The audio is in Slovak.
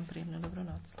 Vám príjemnú dobrú noc.